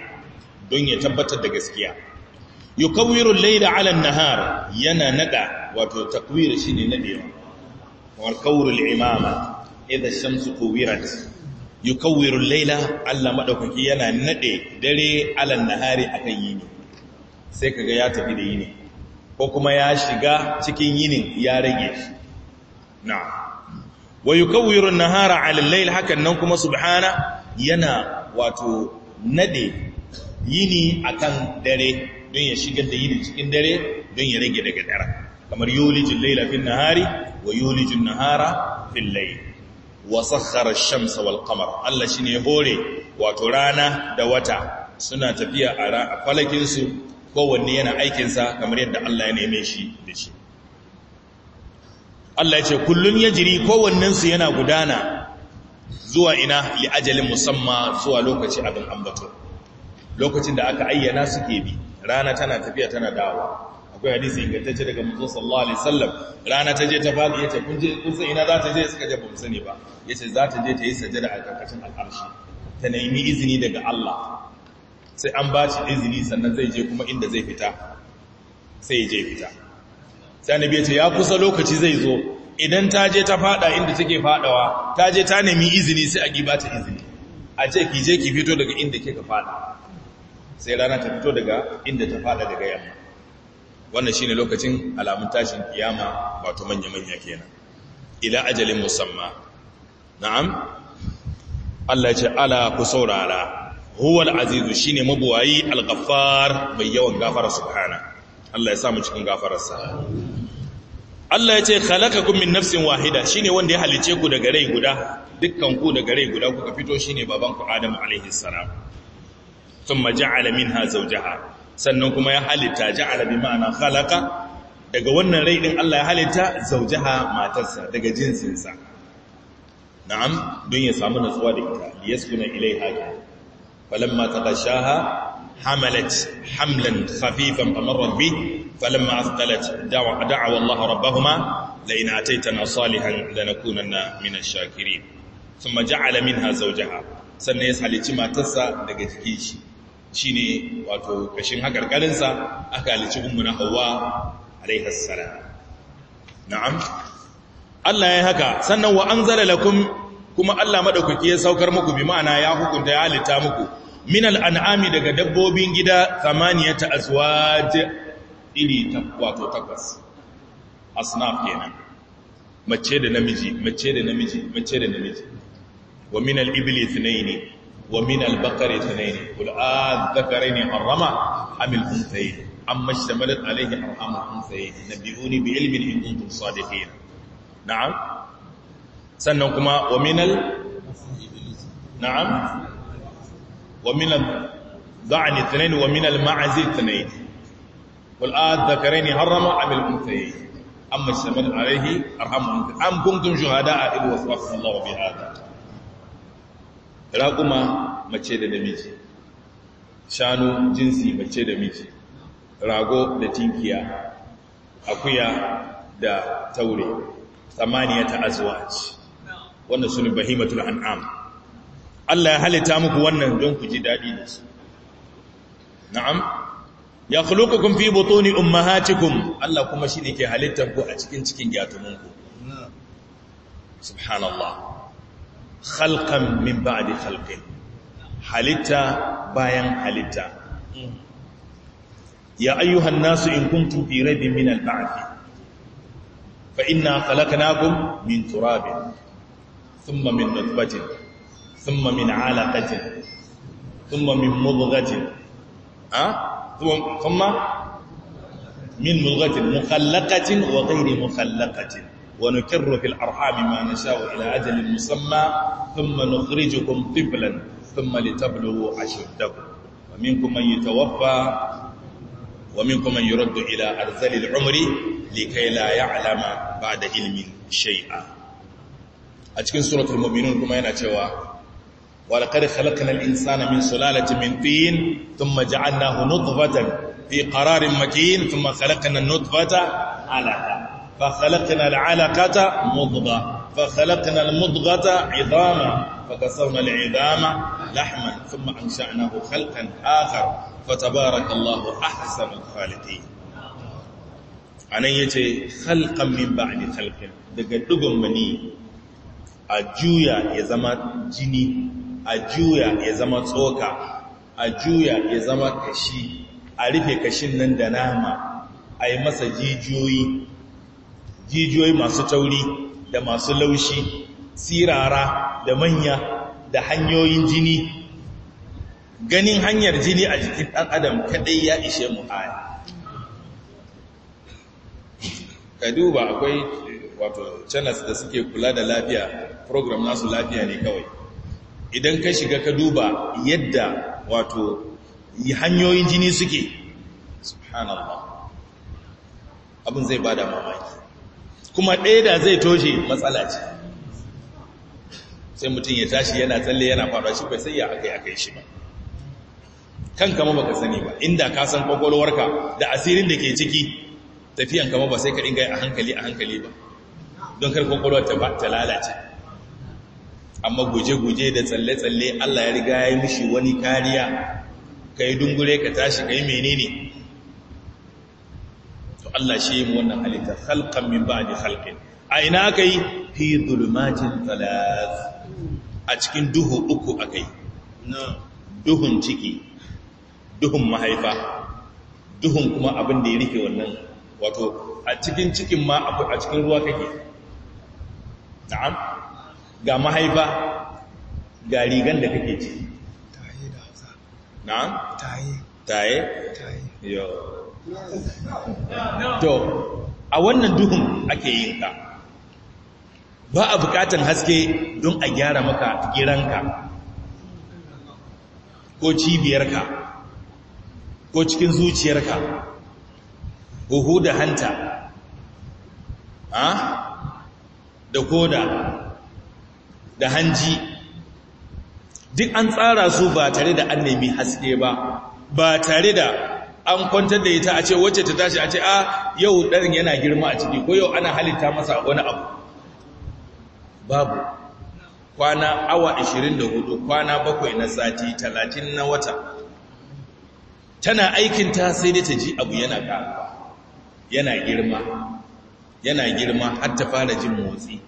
don ya tabbatar da gaskiya yukawwiru al laida 'ala nahar yana naɗa, wato takwir shine na wa qawlu al-imama idha ash-shamsu kawirin laila Allah madaukaki yana naɗe dare alan nahari akan yini sai kaga ya tafi da yini ko kuma ya shiga cikin yinin ya rage na wa yukawwirun nahara alal lail hakan nan kuma subhana yana wato naɗe yini akan dare don ya shigar da yini cikin dare don ya rage daga dare kamar yulijul laila fil nahari wa yulijul nahara fil layl wa sakhara shamsa wal kamar Allah shine ya hore wato rana da wata suna tafiya a falakinsu kowanne yana aikinsa kamar yadda Allah ya neme shi da shi Allah ya ce kullum ya jiri kowannensu yana gudana zuwa ina yi ajalin musamman zuwa lokaci abin ambato lokacin da aka ayyana suke bi rana tana tafiya tana dawa. akwai hadisi ingantacce daga mutum sallallahu alaihi wasallam rana ta je ta fadi yace kun je kun san ina za ta je suka je ba sani ba yace za ta je ta yi sajada a karkashin al'arshi ta nemi izini daga Allah sai an ba shi izini sannan zai je kuma inda zai fita sai ya je fita sai annabi ce ya kusa lokaci zai zo idan ta je ta fada inda take fadawa ta je ta nemi izini sai a ba ta izini a ce ki je ki fito daga inda kika fada sai rana ta fito daga inda ta fada daga yamma wannan shine lokacin alamun tashin kiyama wato manya-manya kenan ila ajalin musamma na'am Allah ya ce ala ku saurara huwal azizu shine mabuwayi al-ghaffar mai yawan gafara subhana Allah ya sa mu cikin gafararsa Allah ya ce khalaqakum min nafsin wahida shine wanda ya halice ku daga rai guda dukkan ku daga rai guda kuka fito shine baban ku Adam alaihi salam thumma ja'ala minha zawjaha sannan kuma ya halitta ja'ala bi ma'ana khalaqa daga wannan rai din Allah ya halitta zaujaha matarsa daga jinsinsa na'am don ya samu natsuwa da ita liyaskuna ilaiha falamma taqashaha hamalat hamlan khafifan famarrat bi falamma athqalat da'a da'a Allah rabbahuma la in ataitana salihan lanakunanna min ash-shakirin thumma ja'ala minha zawjaha sannan ya salici matarsa daga jikin shi ne wato kashin hakarkarinsa aka halici ummuna hawa alaihis salam na'am Allah ya haka sannan wa anzala lakum kuma Allah madaukaki ya saukar muku bi ma'ana ya hukunta ya halitta muku min al'an'ami daga dabbobin gida samaniya azwaj iri wato takwas asnaf kenan mace da namiji mace da namiji mace da namiji wa min al'ibili ne. ومن البقر اثنين قل ذكرين حرمة أم الأنثيين أما اشتملت عليه أرحام الأنثيين نبئوني بعلم إن كنتم صادقين نعم سنكما ومن ال نعم ومن الضعن اثنين ومن المعز اثنين قل ذكرين حرمة أم الأنثيين أما اشتملت عليه أرحام الأنثيين أم كنتم شهداء إذ وصفكم الله بهذا Raguma mace da namiji shanu jinsi mace da miji rago da tinkiya akuya da taure tsamaniya ta azwaj wannan su ne bahimatul an'am Allah ya halitta muku wannan don ku ji daɗi da su na'am ya khuluqukum fi butuni ummahatikum Allah kuma shine ke halittar ku a cikin cikin yatunanku subhanallah khalqan min ba'di khalqin halitta bayan halitta ya ayyuhan nasu in kuntum fi raibin min al-ba'th fa inna khalaqnakum min turabin thumma min nutfatin thumma min 'alaqatin thumma min mudghatin ha ah? thumma min mudghatin mukhallaqatin wa ghayri mukhallaqatin ونكر في الأرحام ما نشاء إلى أجل مسمى ثم نخرجكم طفلا ثم لتبلغوا أشدكم ومنكم من يتوفى ومنكم من يرد إلى أرذل العمر لكي لا يعلم بعد علم شيئا أتكن سورة المؤمنون كما ينتوى ولقد خلقنا الإنسان من سلالة من طين ثم جعلناه نطفة في قرار مكين ثم خلقنا النطفة علقة فخلقنا العلقة مضغة فخلقنا المضغة عظاما فكسرنا العظام لحما ثم أنشأناه خلقا آخر فتبارك الله أحسن الخالقين anan ya ce halkan min ba ne halkan daga dugun mani a juya ya zama jini a juya ya zama tsoka a juya ya zama kashi a rufe kashin nan da nama a yi masa jijiyoyi jijiyoyi masu tauri da masu laushi sirara da manya da hanyoyin jini ganin hanyar jini a jikin ɗan adam kaɗai ya ishe mu aya ka duba akwai wato channels da suke kula da lafiya program nasu lafiya ne kawai idan ka shiga ka duba yadda wato hanyoyin jini suke subhanallah abin zai bada mamaki kuma ɗaya da zai toshe matsala ce sai mutum ya tashi yana tsalle yana faruwa shi bai sai ya aka yi yi shi ba kan kama baka sani ba inda ka san kwakwalwarka da asirin da ke ciki tafiyan kama ba sai ka dinga a hankali a hankali ba don kar kwakwalwar ta lalace amma guje-guje da tsalle-tsalle Allah ya riga ya yi mishi wani kariya ka yi dungure ka tashi ka yi menene Allah shi yi wannan halitta halkan min da halkin a ina aka yi fi zulmatin talaz a cikin duhu uku aka yi duhun ciki duhun mahaifa duhun kuma abin da ya rike wannan wato a cikin cikin ma a cikin ruwa kake na'am ga mahaifa ga rigan da kake ci taye da hausa na'am taye taye taye yau to a wannan duhun ake yin ka ba a bukatan haske don a gyara maka giranka ko cibiyarka ko cikin zuciyarka huhu da hanta ah, da koda da hanji duk an tsara su ba tare da an haske ba ba tare da an kwantar da ita a ce wacce ta tashi a ce a ah, yau ɗarin yana girma a ciki ko yau ana halitta masa wani abu babu kwana awa 24 kwana bakwai na sati 30 na wata tana aikin ta sai dai ta ji abu yana ƙaruwa yana girma yana girma har ta fara jin motsi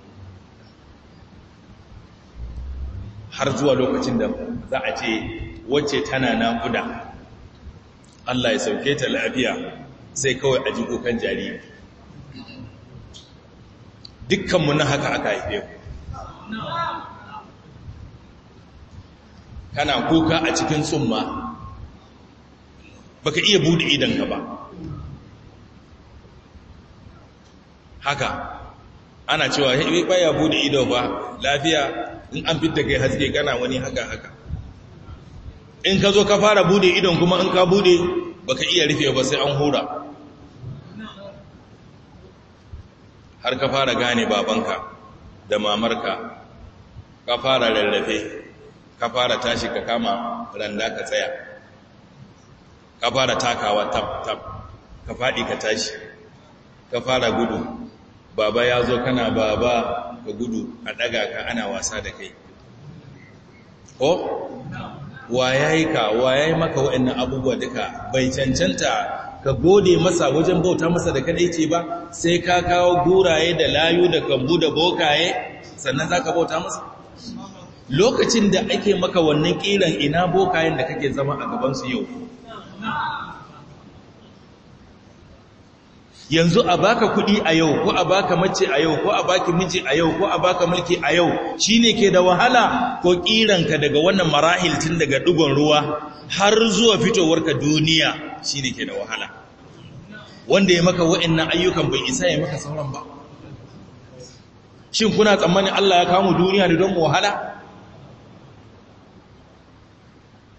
har zuwa lokacin da za a ce wacce tana naƙuda Allah ya sauke ta lafiya sai kawai a jiko kan jariri dukkanmu na haka aka haife ku kana kuka a cikin tsumma baka iya bude ka ba haka ana cewa ba baya bude ido ba lafiya in an fitta kai haske gana wani haka haka in ka zo ka fara bude idon kuma in ka bude baka iya rufe ba sai an hura har ka fara gane babanka da mamarka ka fara rarrafe ka fara tashi ka kama randa ka tsaya ka fara takawa tap tap ka faɗi ka tashi ka fara gudu baba ya zo kana baba ka gudu a ɗaga ka ana wasa da kai ko wa yi ka wa yi maka waɗannan abubuwa duka bai cancanta ka gode masa wajen bauta masa da kaɗai ce ba sai ka kawo guraye da layu da kambu da bokaye sannan za ka bauta masa lokacin da ake maka wannan kilan ina bokayen da kake zama a gabansu yau yanzu a baka kuɗi a yau ko a baka mace a yau ko a baki miji a yau ko a baka mulki a yau shine ke da wahala ko ka daga wannan marahil tun daga dugon ruwa har zuwa fitowarka duniya shine ke da wahala wanda ya maka wa'annan ayyukan bai isa ya maka sauran ba shin kuna tsammanin Allah ya kawo duniya da don wahala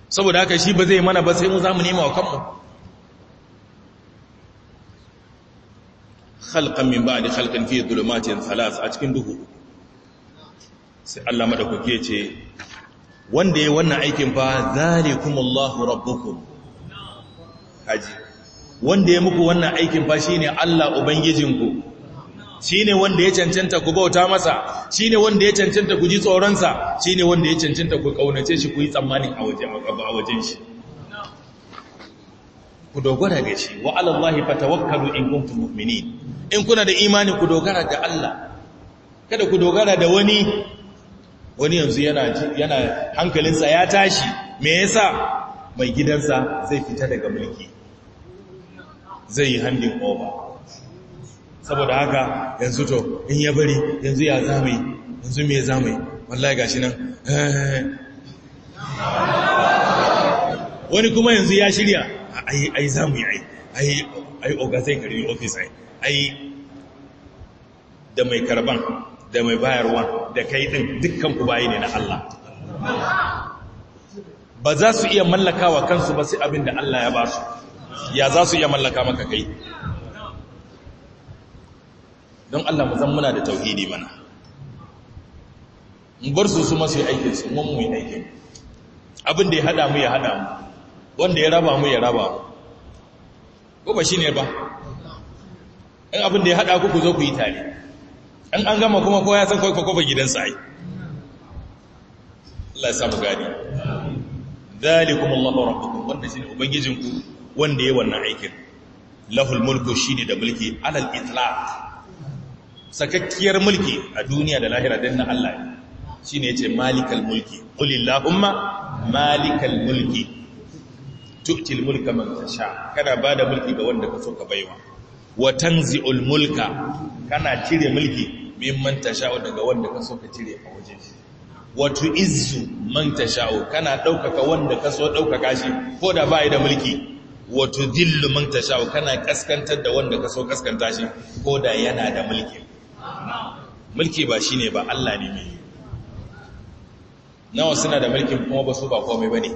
saboda haka shi ba zai mana ba sai mu zamu nema wa kanmu khalqan min ba'di khalqan fi dhulumatin thalas a cikin duhu sai Allah madaukake ce wanda yayin wannan aikin fa zalikumullahu rabbukum haji wanda yayin muku wannan aikin fa shine Allah ubangijinku shine wanda ya cancanta ku bauta masa shine wanda ya cancanta ku ji tsoron sa shine wanda ya cancanta ku kaunace shi ku yi tsammanin a wajen shi ku dogara ga shi wa alallahi Allah fatawakkalu in kuntum mu'minin in kuna da imani ku dogara ga Allah kada ku dogara da wani wani yanzu yana yana hankalinsa ya tashi me yasa mai gidansa zai fita daga mulki zai yi handin over saboda haka yanzu to in ya bari yanzu ya zame, yanzu me zame wallahi gashi nan [laughs] wani kuma yanzu ya shirya ai za mu yi ai ai oga zai karbi ofis ai ai da mai karban da mai bayarwa da kai din dukkan ku ne na Allah ba za su iya mallaka wa kansu ba sai abin da Allah ya ba su ya za su iya mallaka maka kai don Allah mu zan muna da tauhidi mana mu bar su su masu yi aikinsu mun mu yi aikin abin da ya hada mu ya hada mu wanda ya raba mu ya raba mu ko ba shi ne ba ɗan abin da ya haɗa ku ku zo ku yi tare ɗan an gama kuma kowa ya san kawai kwakwafa gidansa ai Allah ya samu gani zalikum Allahu rabbukum wanda shi shine ubangijinku wanda yayi wannan aikin lahul mulku ne da mulki alal itlaq sakakkiyar mulki a duniya da lahira dan Allah shi shine ce malikal mulki qulillahumma malikal mulki tu'til mulka man tasha kana bada mulki ga wanda ka so ka baiwa wa tanzi'ul mulka kana cire mulki mimman tasha daga wanda ka so ka cire a wajen shi wa tu'izzu man tasha kana daukaka wanda ka so daukaka shi ko da bai da mulki wa tudillu man tasha kana kaskantar da wanda ka so kaskanta shi ko da yana da mulki mulki ba shine ba Allah ne mai nawa suna da mulkin kuma ba su ba komai bane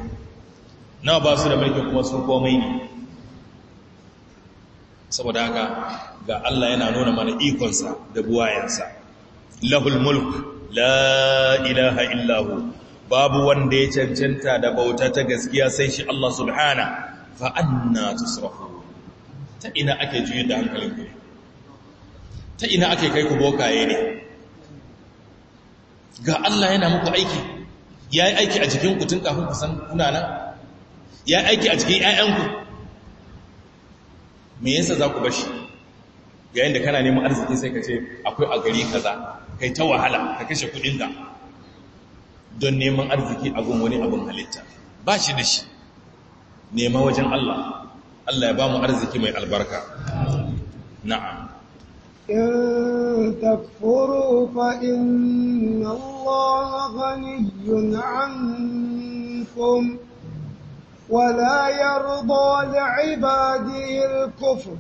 na ba su da mulkin kuma sun komai ne saboda haka ga Allah yana nuna mana ikonsa da buwayensa lahul mulk la ilaha illahu babu wanda ya cancanta da bauta ta gaskiya sai shi Allah subhana fa anna tusrafu ta ina ake juye da hankalinku ta ina ake kai ku bokaye ne ga Allah yana muku aiki ya yi aiki a jikinku tun kafin ku san kuna nan ya aiki a cikin ‘ya'yanku me yasa za ku bashi yayin da kana neman arziki sai ka ce akwai a gari kaza kai ta wahala ka kashe kudin da don neman arziki a gun wani abin halitta ba shi da shi nema wajen Allah Allah ya ba mu arziki mai albarka na'am إن تكفروا fom. ولا يرضى لعباده الكفر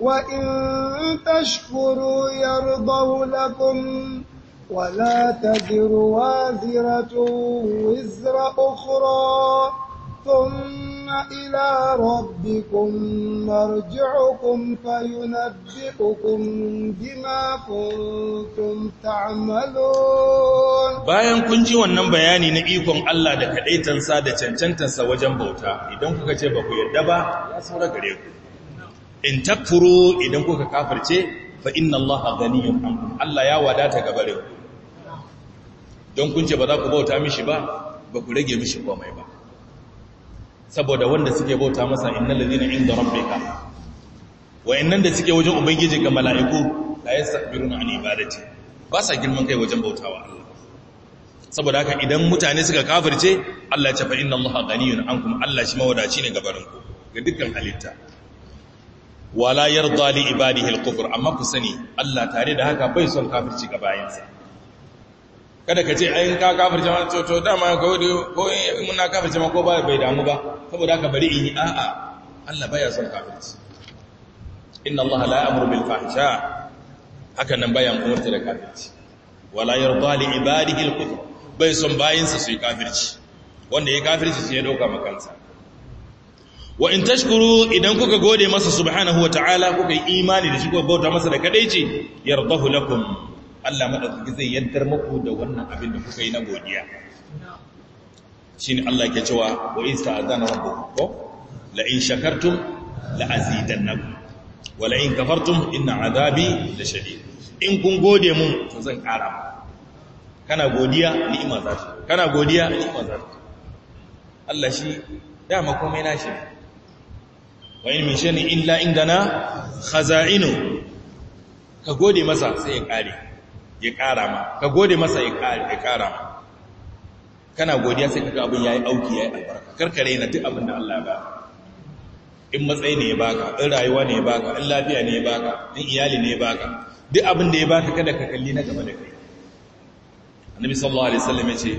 وإن تشكروا يرضوا لكم ولا تزر وازرة وزر أخرى ثم إلى ربكم مرجعكم فينبئكم بما كنتم تعملون bayan kun ji wannan bayani na ikon Allah da kadaitansa da cancantansa wajen bauta idan kuka ce ba ku yarda ba ya saura gare ku in takfuru idan kuka kafirce fa inna Allah ghaniyun ankum Allah ya wadata gabare ku don kun ce ba za ku bauta mishi ba ba ku rage mishi komai ba saboda wanda suke bauta masa inna ladina inda rabbika wayannan da suke wajen ubangiji ga mala'iku la yastakbiruna an ibadati ba sa girman kai wajen bautawa Allah saboda haka idan mutane suka kafirce Allah ya ce fa inna allaha ghaniyun ankum Allah shi mawadaci ne ga barinku ga dukkan halitta wala yarda li ibadihi al amma ku sani Allah tare da haka bai son kafirci ga bayansa kada ka ce ayin ka kafirce ma to dama ko ko muna kafirce jama'a ko bai damu ba saboda haka bari in yi a'a Allah baya son kafirci inna Allah la amur bil fahsha haka nan baya murtala da kafirci wala yarda li ibadihi al kufr bai son bayinsa su yi kafirci wanda ya kafirci sai ya dauka makansa wa in tashkuru idan kuka gode masa subhanahu ta'ala kuka yi imani da shi kuka bauta masa da kadaici yardahu lakum Allah madaukaki zai yaddar muku da wannan abin da kuka yi na godiya shine Allah ke cewa wa in ta'azana rabbukum ko la in shakartum la azidannakum wa la in kafartum azabi da shaɗi. in kun gode mun to zan ƙara. kana godiya ni'ima za ta kana godiya ni'ima za ta Allah shi dama komai nashi wa in min shay'in illa indana khaza'inu ka gode masa sai ya ƙare. ya ƙara ma ka gode masa ya ƙara ma kana godiya sai kaga abin yayi auki yayi albarka karkare na duk abin da Allah ya baka in matsayi ne ya baka in rayuwa ne ya baka in lafiya ne ya baka in iyali ne ya baka duk abin da ya baka kada ka kalli na gaba da kai annabi sallallahu alaihi wasallam ya ce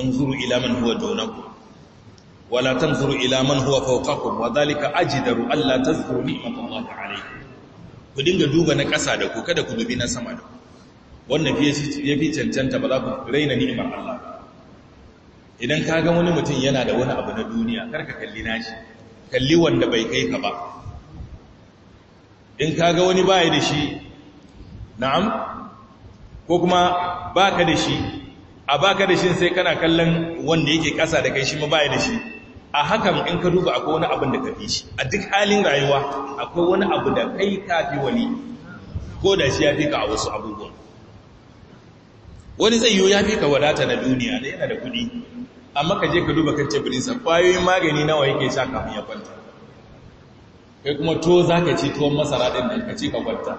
anzuru ila man huwa dunakum la tanzuru ila man huwa fawqakum wa dhalika ajdaru alla tazkuru ni'matallahi alaykum ku dinga duba na ƙasa da ku kada ku dubi na sama da ku Wannan ya fi cancanta ba za ku raina ni'imar Allah ba idan ka ga wani mutum yana da wani abu na duniya kar ka kalli nashi kalli wanda bai kai ka ba in ka ga wani baya da shi na'am ko kuma baka da shi a baka da shi sai kana kallon wanda yake kasa da kai shi ma baya da shi a hakan in ka duba akwai wani abu da ka fi shi a duk halin rayuwa akwai wani abu da kai ka fi wani ko da shi ya fi ka a wasu abubuwan wani zai yiwu ya fi ka wadata na duniya da yana da kuɗi amma ka je ka duba kan teburinsa ƙwayoyin magani nawa yake sha kafin ya kwanta kai kuma to za ka ci tuwon masara ɗin da ka ci ka kwanta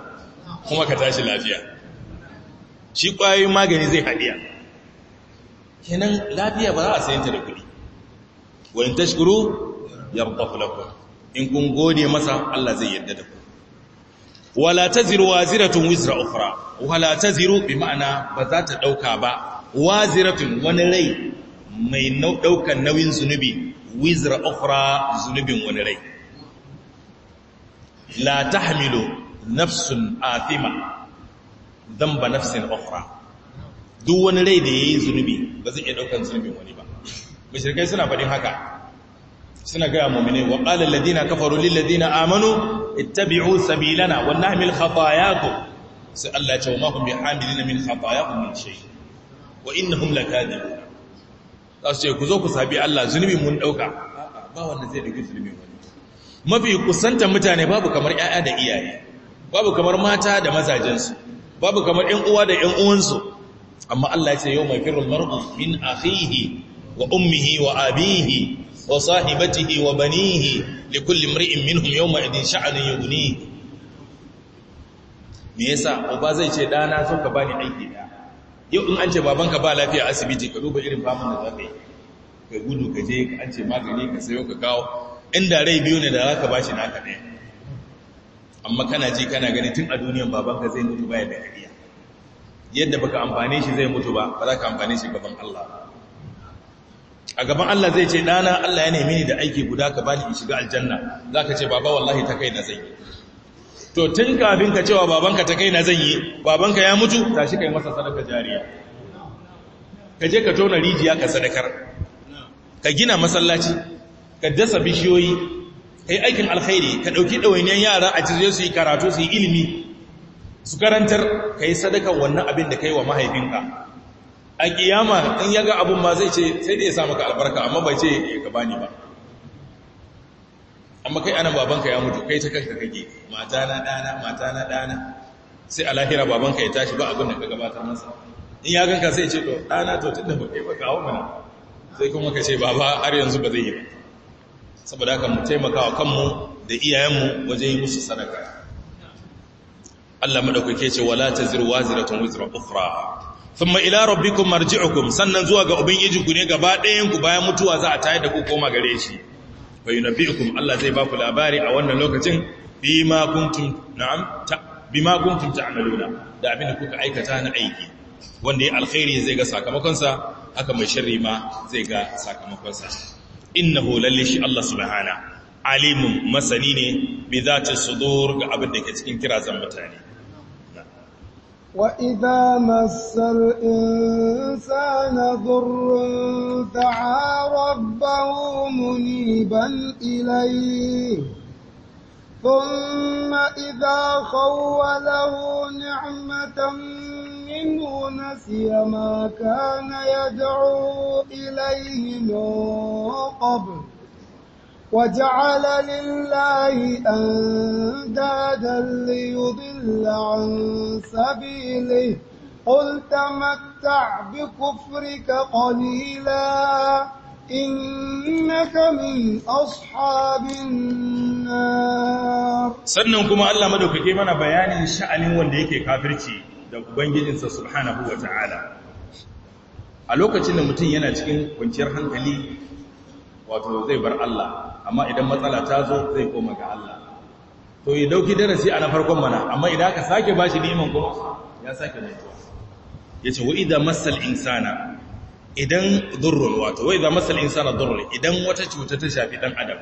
kuma ka tashi lafiya shi ƙwayoyin magani zai haɗiya kenan lafiya ba za a sayanta da kuɗi wani tashkuru ya lafiya in kun gode masa Allah zai yarda da ku wala taziru waziratun wizra ukhra wala taziru bi ma'ana ba za ta dauka ba waziratun wani rai mai daukan nauyin zunubi wizra ukhra zunubin wani rai la tahmilu nafsun athima ba nafsin ukhra duk wani rai da yayi zunubi ba zai iya daukan zunubin wani ba mushrikai suna fadin haka suna gaya mu'mine wa qala alladhina kafaru ladina amanu ittabi'u sabilana wa nahmil khatayakum sai Allah ya ce min khatayakum min shay wa innahum lakadibun za su ce ku zo ku sabi Allah zunubi mun dauka ba wanda zai zunubi wani mafi kusanta mutane babu kamar 'ya'ya da iyaye babu kamar mata da mazajensu babu kamar ƴan uwa da ƴan uwansu amma Allah ya ce yau mai firul mar'u min akhihi wa ummihi wa abihi wa sahibatihi wa banihi li kulli imri'in minhum yawma idin sha'anun yughnihi me yasa uba zai ce dana so ka bani aiki da yau in an ce babanka ba lafiya asibiti ka duba irin faman da zaka yi ka gudu ka je ka an ce magani ka sayo ka kawo inda rai biyu ne da zaka bashi naka ɗaya amma kana ji kana gani tun a duniyan babanka zai mutu baya da kariya yadda baka amfane shi zai mutu ba ba za ka amfane shi gaban Allah a gaban Allah zai ce dana Allah ya nemi ni da aiki guda ka bani in shiga aljanna zaka ce baba wallahi ta kai na zan to tun kafin ka cewa babanka ta kai na zan yi babanka ya mutu tashi kai masa sadaka jariya ka je ka tona rijiya ka sadakar ka gina masallaci ka dasa bishiyoyi ka aikin alkhairi ka ɗauki ɗawainiyar yara a jirgin su yi karatu su yi ilimi su karantar ka yi sadakar wannan abin da ka yi wa mahaifinka a kiyama in yaga abun ma zai ce sai da ya sa maka albarka amma bai ce ya gaba ni ba amma kai ana babanka ya mutu kai ta kanka kage mata na dana mata na dana sai a lahira babanka ya tashi ba abin da ka gabatar masa in ya ganka sai ce to dana to tun ba kai ba kawo mana sai kuma ka ce baba har yanzu ba zai yi ba saboda haka mu taimaka wa kanmu da iyayenmu wajen yi musu sadaka Allah madaukake ce wala taziru waziratun wizra ukhra thumma ila marji marji'ukum sannan zuwa ga ubangijinku ne gaba ɗayan ku bayan mutuwa za a tayar da ku koma gare shi fa yunabbi'ukum Allah zai baku labari a wannan lokacin bima kuntum na'am bima kuntum da abin da kuka aikata na aiki wanda ya alkhairi zai ga sakamakonsa haka mai sharri ma zai ga sakamakonsa innahu lalle shi Allah subhana alimun masani ne bi zati sudur ga abin da ke cikin kirazan mutane وإذا مس الإنسان ضر دعا ربه منيبا إليه ثم إذا خوله نعمة منه نسي ما كان يدعو إليه من قبل وجعل لله أندادا ليضل عن سبيله قل تمتع بكفرك قليلا إنك من أصحاب النار sannan kuma Allah madaukake mana bayanin sha'anin wanda yake kafirci da ubangijinsa subhanahu wataala a lokacin da mutum yana cikin kwanciyar hankali wato zai bar Allah amma idan matsala ta zo zai koma ga Allah to yi dauki darasi a na farkon mana amma idan aka sake ba shi neman kuma ya sake mutuwa ya ce wa'iza masal insana idan durrul wato wa'iza masal insana durrul idan wata cuta ta shafi dan adam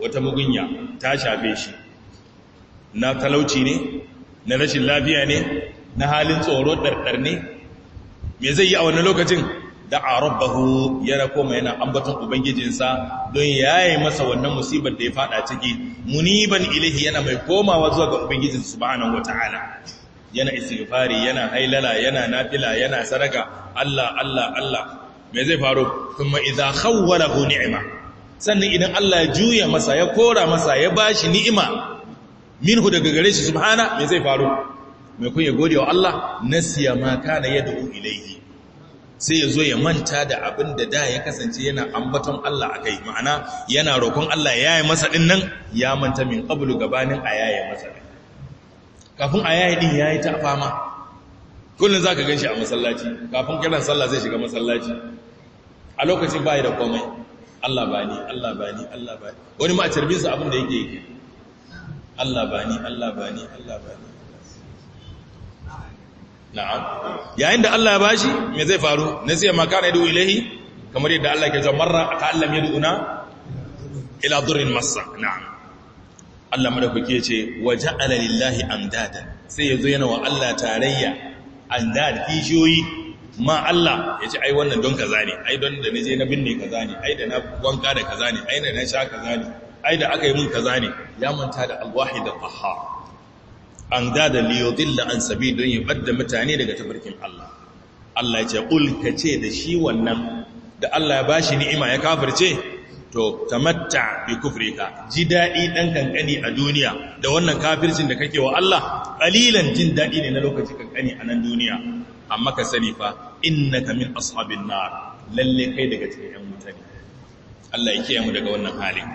wata mugunya ta shafe shi na talauci ne na rashin lafiya ne na halin tsoro ɗarɗar ne me zai yi a wani lokacin da'a rabbahu yana koma yana ambaton ubangijinsa don ya yayi masa wannan musibar da ya fada ciki muniban ilahi yana mai komawa zuwa ga ubangijinsa subhanahu wataala yana istighfari yana hailala yana nafila yana saraka Allah Allah Allah me zai faru kuma idza khawwalahu ni'ma sannan idan Allah ya juya masa ya kora masa ya bashi ni'ima minhu daga gare shi subhana me zai faru mai kun ya gode wa Allah nasiya ma kana yad'u ilaihi. sai ya zo ya manta da abin da da ya kasance yana ambaton Allah a kai ma'ana yana roƙon Allah ya yi masa ɗin nan ya manta min ƙabulu gabanin a yaya masa ɗin kafin a yaya ɗin ya yi ta fama kullum za ka gan shi a masallaci kafin kiran sallah zai shiga masallaci a lokacin ba da komai Allah ba ni Allah ba ni Allah ba ni wani ma a carbinsa abin da yake yake Allah ba ni Allah ba ni Allah ba ni na'am yayin da Allah ya bashi me zai faru nasiya ma kana yadu ilahi kamar yadda Allah ke cewa marra ta'allam yaduna ila durrin massa na'am Allah madaukake ce waja'ala lillahi amdada sai yazo yana wa Allah tarayya andad kishiyoyi ma Allah ya ce ai wannan don kaza ne ai don da je na binne kaza ne ai da na wanka da kaza ne ai da na sha kaza ne ai da aka yi mun kaza ne ya manta da alwahid al-qahhar an da liyodilla an sabi don yi bada mutane daga tafarkin Allah Allah ya ce ka ce da shi wannan da Allah ya ba shi ni'ima ya kafirce to ta mata bi kufrika ji daɗi ɗan kankani a duniya da wannan kafircin da kake wa Allah ƙalilan jin daɗi ne na lokaci kankani a nan duniya amma ka sani fa ka min ashabin na lalle kai daga cikin 'yan mutane Allah ya kiyaye mu daga wannan halin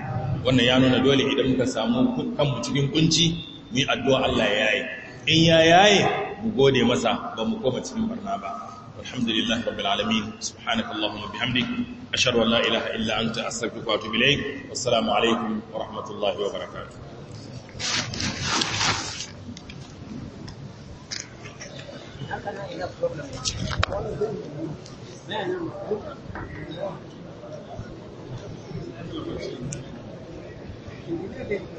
wannan ya nuna dole idan muka samu kanmu cikin kunci ni addu'a Allah ya yaye in ya yaye mu gode masa ba mu koma cikin barna ba alhamdulillah rabbil alamin subhanaka allahumma bihamdik ashhadu an la ilaha illa anta astaghfiruka wa atubu ilayk wassalamu alaikum wa rahmatullahi wa barakatuh